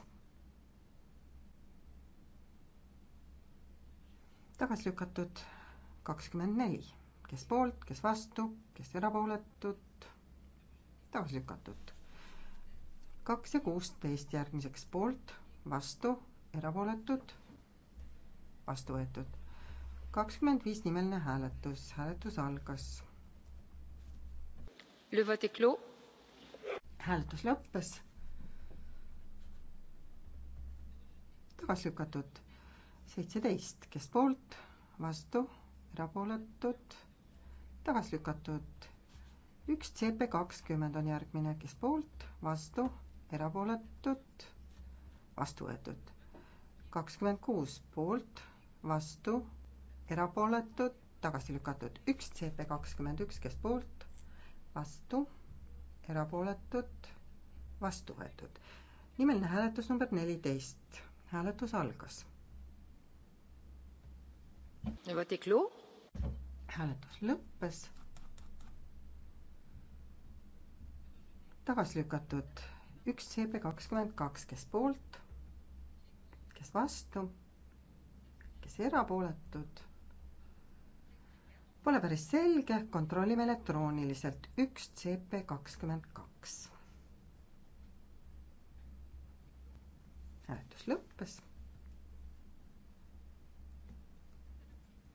tagasi lükatud kakskümmend neli, kes poolt, kes vastu, kes erapooletud, tagasi lükatud. kaks ja kuusteist järgmiseks poolt, vastu, erapooletud, vastu võetud. kakskümmend viis nimeline hääletus, hääletus algas. hääletus lõppes. tagasi lükatud seitseteist, kes poolt, vastu, erapooletud, tagasi lükatud. üks CP kakskümmend on järgmine, kes poolt, vastu, erapooletud, vastu võetud. kakskümmend kuus poolt, vastu, erapooletud, tagasi lükatud. üks CP kakskümmend üks, kes poolt, vastu, erapooletud, vastu võetud. nimeline hääletus number neliteist. hääletus algas hääletus lõppes. tagasi lükatud üks CB kakskümmend kaks, kes poolt, kes vastu, kes erapooletud. Pole päris selge, kontrollime elektrooniliselt üks CB kakskümmend kaks. hääletus lõppes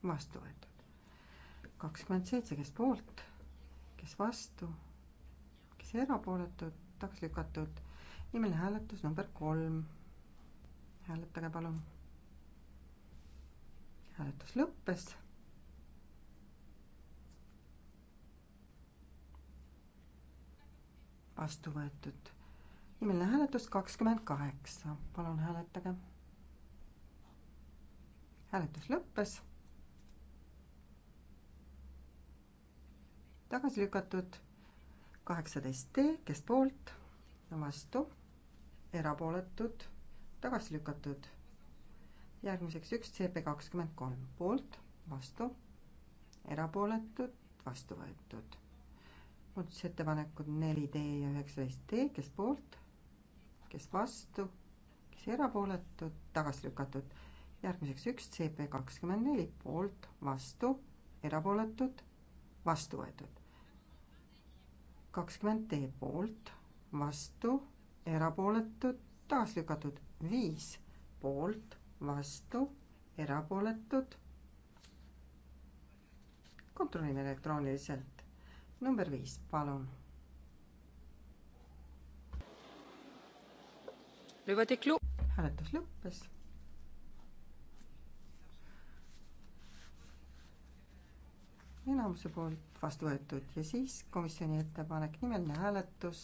vastu võetud. kakskümmend seitse, kes poolt, kes vastu, kes erapooletud, tagasi lükatud. nimeline hääletus number kolm. hääletage palun. hääletus lõppes vastu võetud. nimeline hääletus kakskümmend kaheksa, palun hääletage. hääletus lõppes tagasi lükatud kaheksateist D, kes poolt, vastu, erapooletud, tagasi lükatud. järgmiseks üks CP kakskümmend kolm, poolt, vastu, erapooletud, vastu võetud. muudatusettepanekud neli D ja üheksateist D, kes poolt, kes vastu, kes erapooletud, tagasi lükatud. järgmiseks üks CP kakskümmend neli, poolt, vastu, erapooletud, vastu võetud kakskümmend D poolt, vastu, erapooletud, tagasi lükatud. viis poolt, vastu, erapooletud. kontrollime elektrooniliselt. number viis, palun. hääletus lõppes enamuse poolt vastu võetud ja siis komisjoni ettepanek, nimeline hääletus.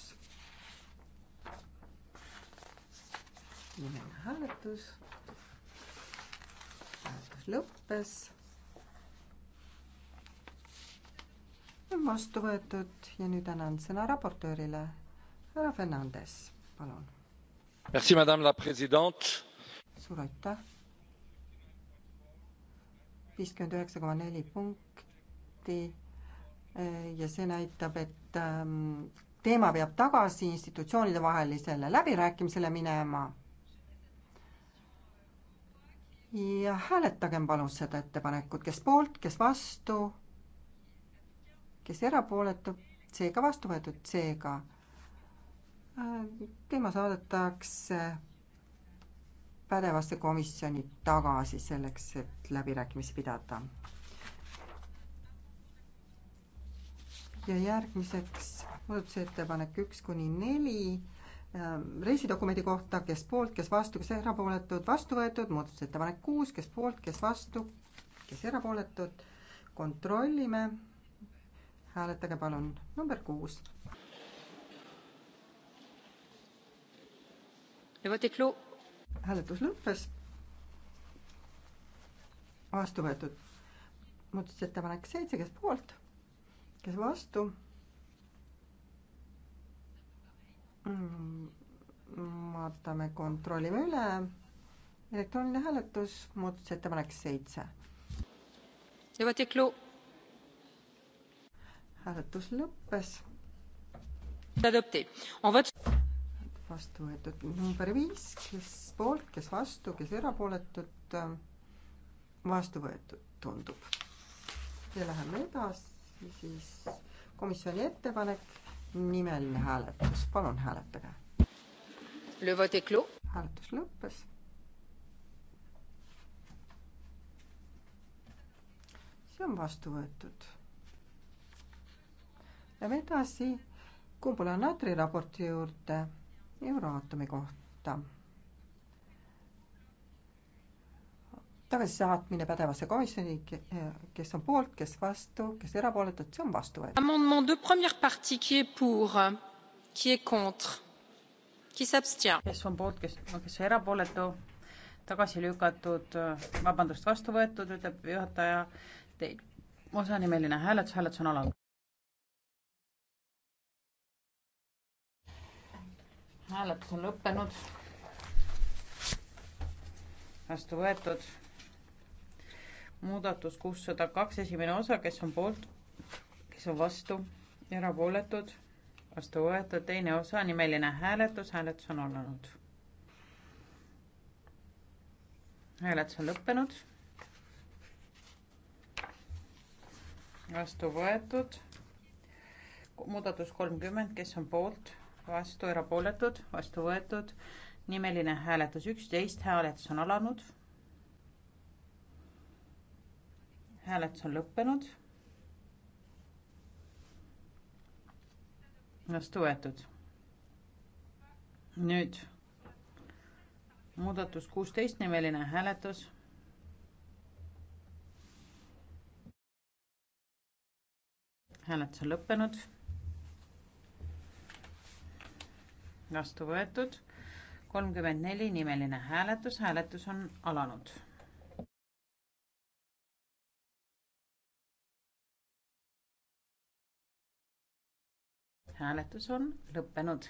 nimeline hääletus. hääletus lõppes. vastu võetud ja nüüd annan sõna raportöörile, härra Fernandes, palun. Merci, madame la president. suur aitäh. viiskümmend üheksa koma neli punkti hästi eh, ja see näitab, et ehm, teema peab tagasi institutsioonide vahelisele läbirääkimisele minema. ja hääletagem palun seda ettepanekut, kes poolt, kes vastu, kes erapooletu, seega vastu võetud, seega ehm, teema saadetakse pädevasse komisjoni tagasi selleks, et läbirääkimisi pidada. ja järgmiseks muudatusettepanek üks kuni neli ähm, reisidokumendi kohta, kes poolt, kes vastu, kes erapooletud, vastu võetud, muudatusettepanek kuus, kes poolt, kes vastu, kes erapooletud, kontrollime. hääletage palun number kuus. hääletus lõppes. vastu võetud muudatusettepanek seitse, kes poolt kes vastu? vaatame, kontrollime üle. elektrooniline hääletus, muudatusettepanek seitse. hääletus lõppes. vastu võetud number viis, kes poolt, kes vastu, kes erapooletud, vastu võetud, tundub. ja läheme edasi siis komisjoni ettepanek, nimeline hääletus, palun hääletage. hääletus lõppes. see on vastu võetud. Lähme edasi Kumbula-Natri raporti juurde Euroaatomi kohta tagasisaatmine pädevasse komisjoni, kes on poolt, kes vastu, kes erapooletud, see on vastu võetud. Amendement de première partie, qui est pour, qui est contre, qui s'abstient. kes on poolt, kes, kes erapooletu, tagasi lükatud, vabandust, vastu võetud, ütleb juhataja. osanimeline hääletus, hääletus on alanud. hääletus on lõppenud. vastu võetud muudatus kuussada kaks, esimene osa, kes on poolt, kes on vastu, erapooletud, vastu võetud, teine osa, nimeline hääletus, hääletus on alanud. hääletus on lõppenud. vastu võetud, muudatus kolmkümmend, kes on poolt, vastu, erapooletud, vastu võetud, nimeline hääletus üksteist, hääletus on alanud hääletus on lõppenud. vastu võetud. nüüd muudatus kuusteist nimeline hääletus. hääletus on lõppenud. vastu võetud kolmkümmend neli nimeline hääletus, hääletus on alanud hääletus on lõppenud.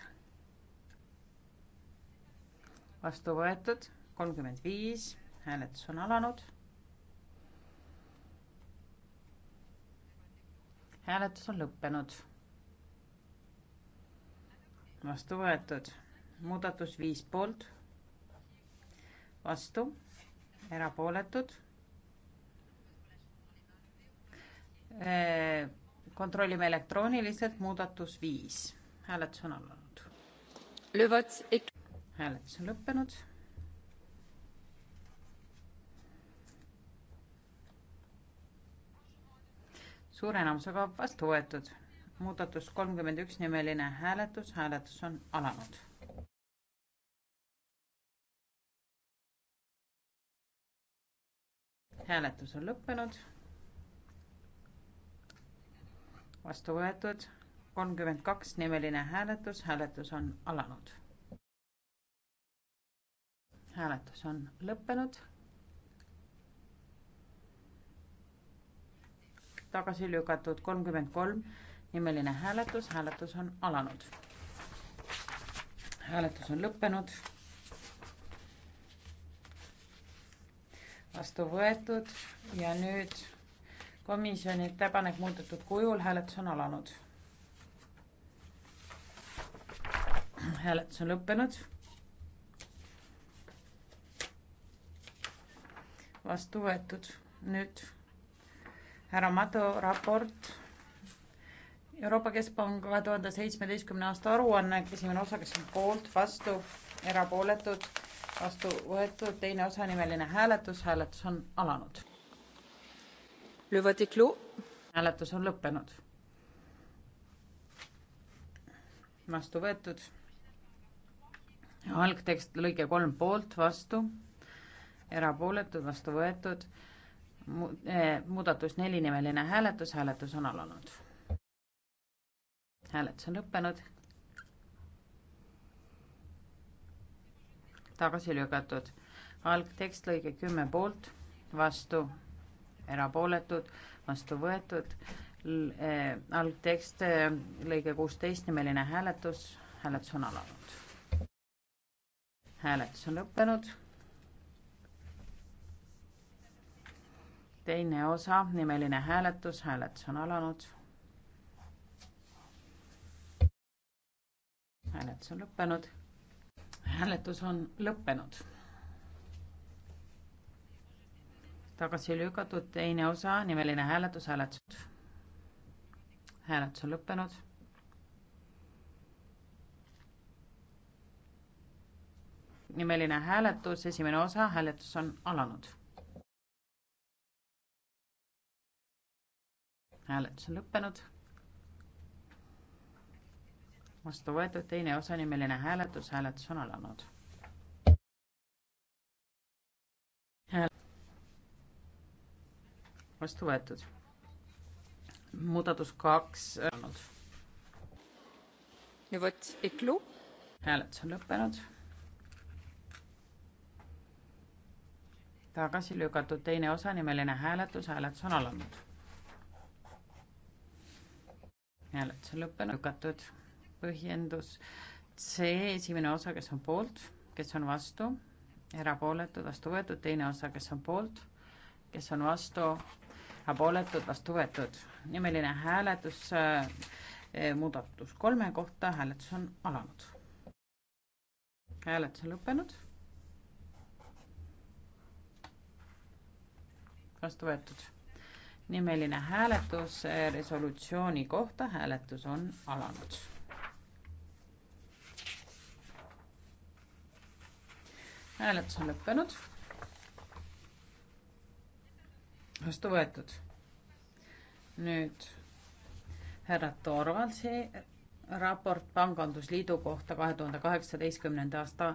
vastu võetud kolmkümmend viis, hääletus on alanud. hääletus on lõppenud. vastu võetud, muudatus viis poolt, vastu, erapooletud äh, kontrollime elektrooniliselt, muudatus viis, hääletus on alanud. hääletus on lõppenud. suure enamusega vastu võetud, muudatus kolmkümmend üks nimeline hääletus, hääletus on alanud hääletus on lõppenud vastu võetud, kolmkümmend kaks nimeline hääletus, hääletus on alanud. hääletus on lõppenud. tagasi lükatud kolmkümmend kolm nimeline hääletus, hääletus on alanud. hääletus on lõppenud. vastu võetud ja nüüd komisjoni ettepanek muudetud kujul, hääletus on alanud. hääletus on lõppenud. vastu võetud. nüüd härra Madu raport. Euroopa Keskpanga kahe tuhande seitsmeteistkümne aasta aruanne, esimene osa, kes on poolt, vastu, erapooletud, vastu võetud, teine osa nimeline hääletus, hääletus on alanud hääletus on lõppenud. vastu võetud. algtekst lõige kolm poolt, vastu, erapooletud, vastu võetud eh, muudatus nelinimeline hääletus, hääletus on alanud. hääletus on lõppenud. tagasi lükatud. algtekst lõige kümme poolt, vastu, erapooletud, vastu võetud. Eh, algtekst eh, lõige kuusteist, nimeline hääletus, hääletus on alanud. hääletus on lõppenud. teine osa, nimeline hääletus, hääletus on alanud. hääletus on lõppenud. hääletus on lõppenud tagasi lükatud, teine osa, nimeline hääletus, hääletus. hääletus on lõppenud. nimeline hääletus, esimene osa, hääletus on alanud. hääletus on lõppenud. vastu võetud teine osa, nimeline hääletus, hääletus on alanud vastu võetud. muudatus kaks äh, olnud. hääletus on lõppenud. tagasi lükatud teine osa, nimeline hääletus, hääletus on alanud. hääletus on lõppenud, lükatud põhjendus C, esimene osa, kes on poolt, kes on vastu, erapooletud, vastu võetud, teine osa, kes on poolt, kes on vastu, erapooletud, vastu võetud. nimeline hääletus äh, äh, muudatus kolme kohta, hääletus on alanud. hääletus on lõppenud. vastu võetud. nimeline hääletus äh, resolutsiooni kohta, hääletus on alanud. hääletus on lõppenud vastu võetud. nüüd härra Torvaldsi raport Pangandusliidu kohta kahe tuhande kaheksateistkümnenda aasta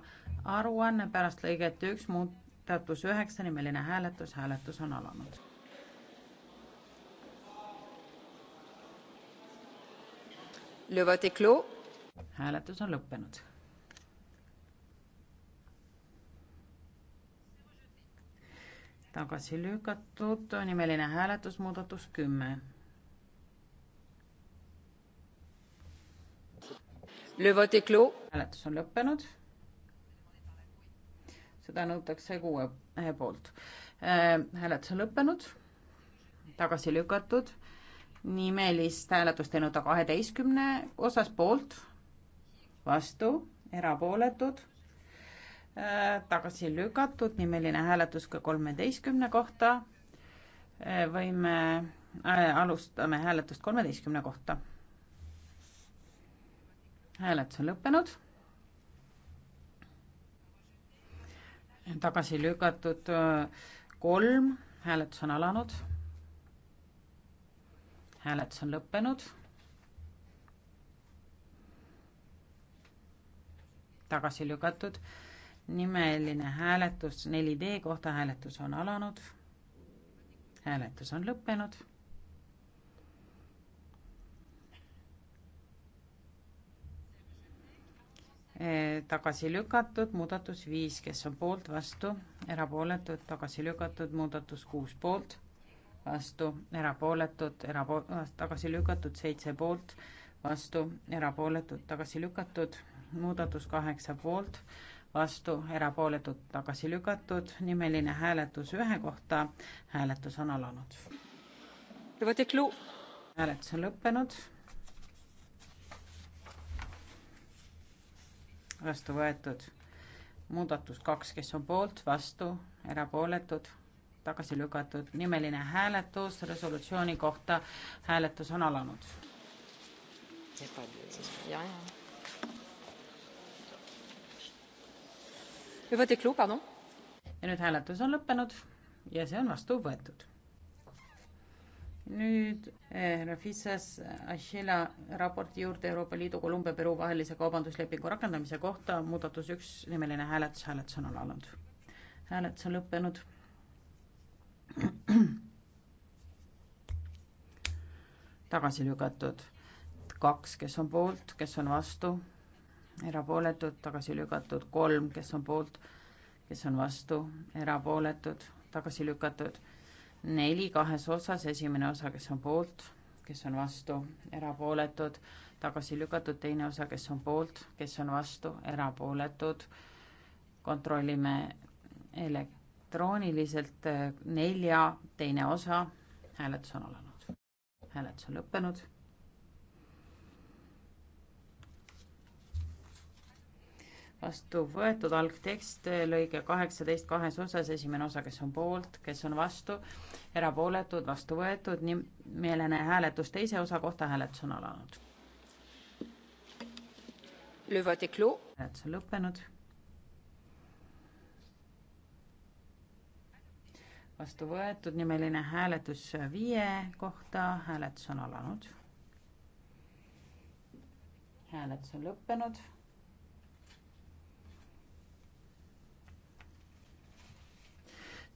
aruanne pärast lõiget üks muudatus üheksa nimeline hääletus, hääletus on alanud. hääletus on lõppenud tagasi lükatud, nimeline hääletus, muudatus kümme. hääletus on lõppenud. seda nõutakse kuue eh, poolt. Eh, hääletus on lõppenud, tagasi lükatud, nimelist hääletust teinud kaheteistkümne osas poolt, vastu, erapooletud tagasi lükatud, nimeline hääletus ka kolmeteistkümne kohta. võime, äh, alustame hääletust kolmeteistkümne kohta. hääletus on lõppenud. tagasi lükatud äh, kolm, hääletus on alanud. hääletus on lõppenud tagasi lükatud nimeline hääletus 4D kohta hääletus on alanud. hääletus on lõppenud. Äh, tagasi lükatud muudatus viis, kes on poolt, vastu, erapooletud, tagasi lükatud muudatus kuus poolt, vastu, erapooletud, erapo-, tagasi lükatud seitse poolt, vastu, erapooletud, tagasi lükatud, muudatus kaheksa poolt vastu, erapooletud, tagasi lükatud, nimeline hääletus ühe kohta, hääletus on alanud. hääletus on lõppenud. vastu võetud muudatus kaks, kes on poolt, vastu, erapooletud, tagasi lükatud, nimeline hääletus resolutsiooni kohta, hääletus on alanud. ja, ja ja nüüd hääletus on lõppenud ja see on vastu võetud. nüüd eh, Rafisas Achila raporti juurde Euroopa Liidu Kolumbia Peruu vahelise kaubanduslepingu rakendamise kohta muudatus üks nimeline hääletus, hääletus on alanud. hääletus on lõppenud. tagasi lükatud kaks, kes on poolt, kes on vastu erapooletud, tagasi lükatud, kolm, kes on poolt, kes on vastu, erapooletud, tagasi lükatud, neli kahes osas, esimene osa, kes on poolt, kes on vastu, erapooletud, tagasi lükatud, teine osa, kes on poolt, kes on vastu, erapooletud, kontrollime elektrooniliselt eh, nelja teine osa, hääletus on alanud, hääletus on lõppenud vastu võetud, algtekst, lõige kaheksateist kahes osas, esimene osa, kes on poolt, kes on vastu, erapooletud, vastu võetud, nii meelene hääletus teise osa kohta, hääletus on alanud. hääletus on lõppenud. vastu võetud nimeline hääletus viie kohta, hääletus on alanud. hääletus on lõppenud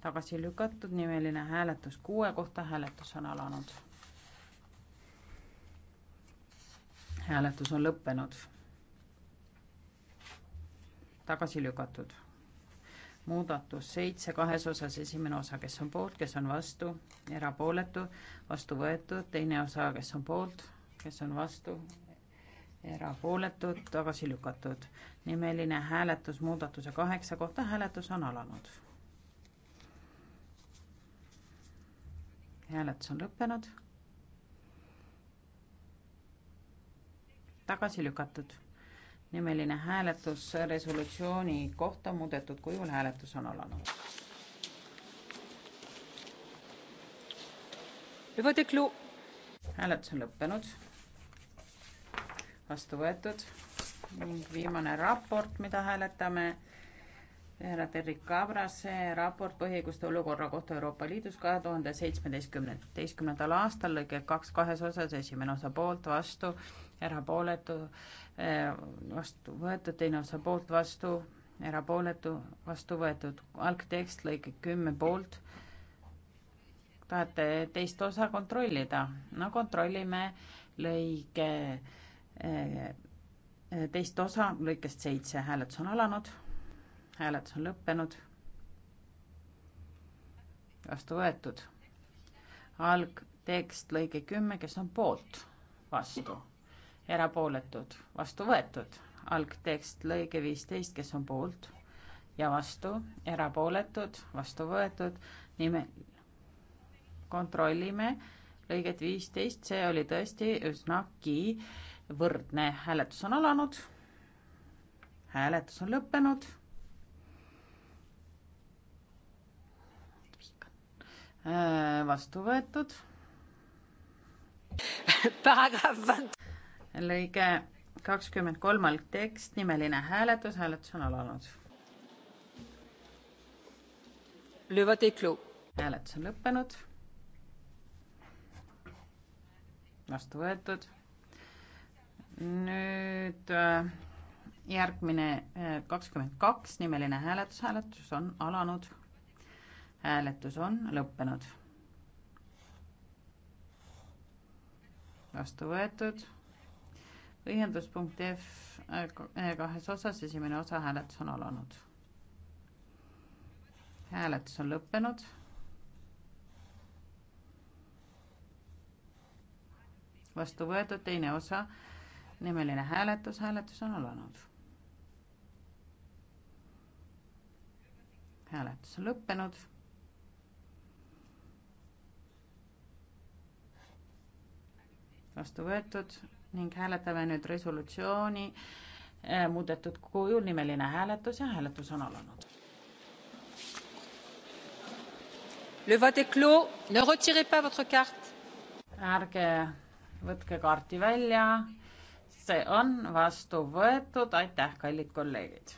tagasi lükatud, nimeline hääletus kuue kohta, hääletus on alanud. hääletus on lõppenud. tagasi lükatud. muudatus seitse kahes osas, esimene osa, kes on poolt, kes on vastu, erapooletu, vastu võetud, teine osa, kes on poolt, kes on vastu, erapooletud, tagasi lükatud. nimeline hääletus muudatuse kaheksa kohta, hääletus on alanud hääletus on lõppenud. tagasi lükatud. nimeline hääletus resolutsiooni kohta muudetud kujul hääletus on alanud. hääletus on lõppenud. vastu võetud ning viimane raport, mida hääletame härra Terrik Kabrase raport põhiõiguste olukorra kohta Euroopa Liidus kahe tuhande seitsmeteistkümnendal aastal, lõige kaks kahes osas, esimene osa poolt, vastu, erapooletu, eh, vastu võetud, teine osa poolt, vastu, erapooletu, vastu võetud, algtekst lõige kümme poolt. tahate teist osa kontrollida? no kontrollime lõige eh, teist osa lõikest seitse, hääletus on alanud hääletus on lõppenud. vastu võetud. algtekst lõige kümme, kes on poolt, vastu, erapooletud, vastu võetud. algtekst lõige viisteist, kes on poolt ja vastu, erapooletud, vastu võetud, nime, kontrollime lõiget viisteist, see oli tõesti üsnagi võrdne, hääletus on alanud, hääletus on lõppenud Äh, vastu võetud. lõige kakskümmend kolm algtekst, nimeline hääletus, hääletus on alanud. hääletus on lõppenud. vastu võetud. nüüd äh, järgmine äh, kakskümmend kaks, nimeline hääletus, hääletus on alanud hääletus on lõppenud. vastu võetud. põhjenduspunkt F eh, eh, kahes osas, esimene osa hääletus on alanud. hääletus on lõppenud. vastu võetud teine osa, nimeline hääletus, hääletus on alanud hääletus on lõppenud vastu võetud ning hääletame nüüd resolutsiooni äh, muudetud kujul, nimeline hääletus ja hääletus on alanud. ärge võtke kaarti välja, see on vastu võetud, aitäh, kallid kolleegid.